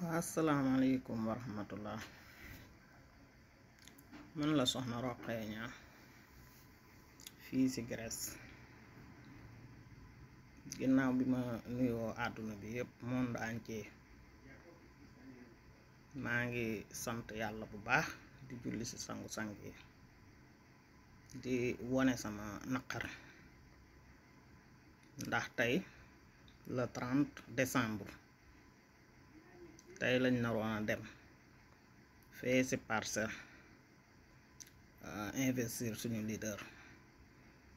waa asalaamaaleykum wa rahmatullah man la soxna roqee fii ci Grèce ginnaaw bi ma nuyoo àdduna bi yépp monde entier maa ngi sant yàlla bu baax di julli ci sangu-sang yi di wone sama naqar ndax tey le 30 décembre tey lañ naroon a dem fee si parcelle euh, investir suñu leader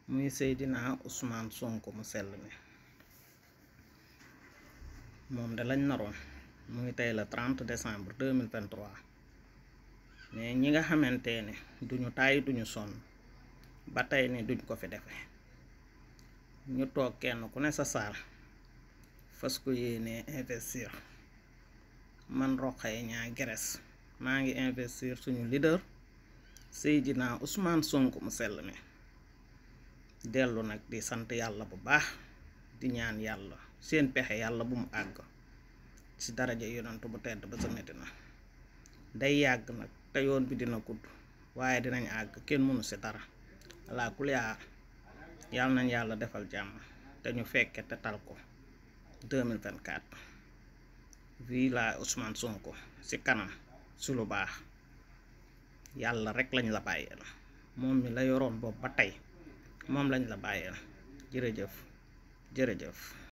muy Seydina Ousmane Sonko mu sell mi moom de lañ naroon muy tey la 30 décembre 2023 mais ñi nga xamante ne duñu tàyyi duñu sonn ba tey ni duñ ko fi defe ñu toog kenn ku ne sa saal fas ko yéenee investir man Rokhaya Niang Grèce maa ngi investir suñu leader Seydina usmaan Sonko mu sell mi dellu nag di sant yàlla bu baax di ñaan yàlla seen pexe yàlla bu mu àgg ci daraja yonent bu tedd ba sa na day yàgg nag te yoon bi dina gudd waaye dinañ àgg kenn mënu ci dara laa kuliyaar yàlla nañ yàlla defal jàmm te ñu fekke te tal ko 2024 lii laa Ousmane Sonko si kanam su lu baax yàlla rek lañ la bàyyeel moom mi la yoroon bopp ba tey moom lañ la bàyyeel jërëjëf jërëjëf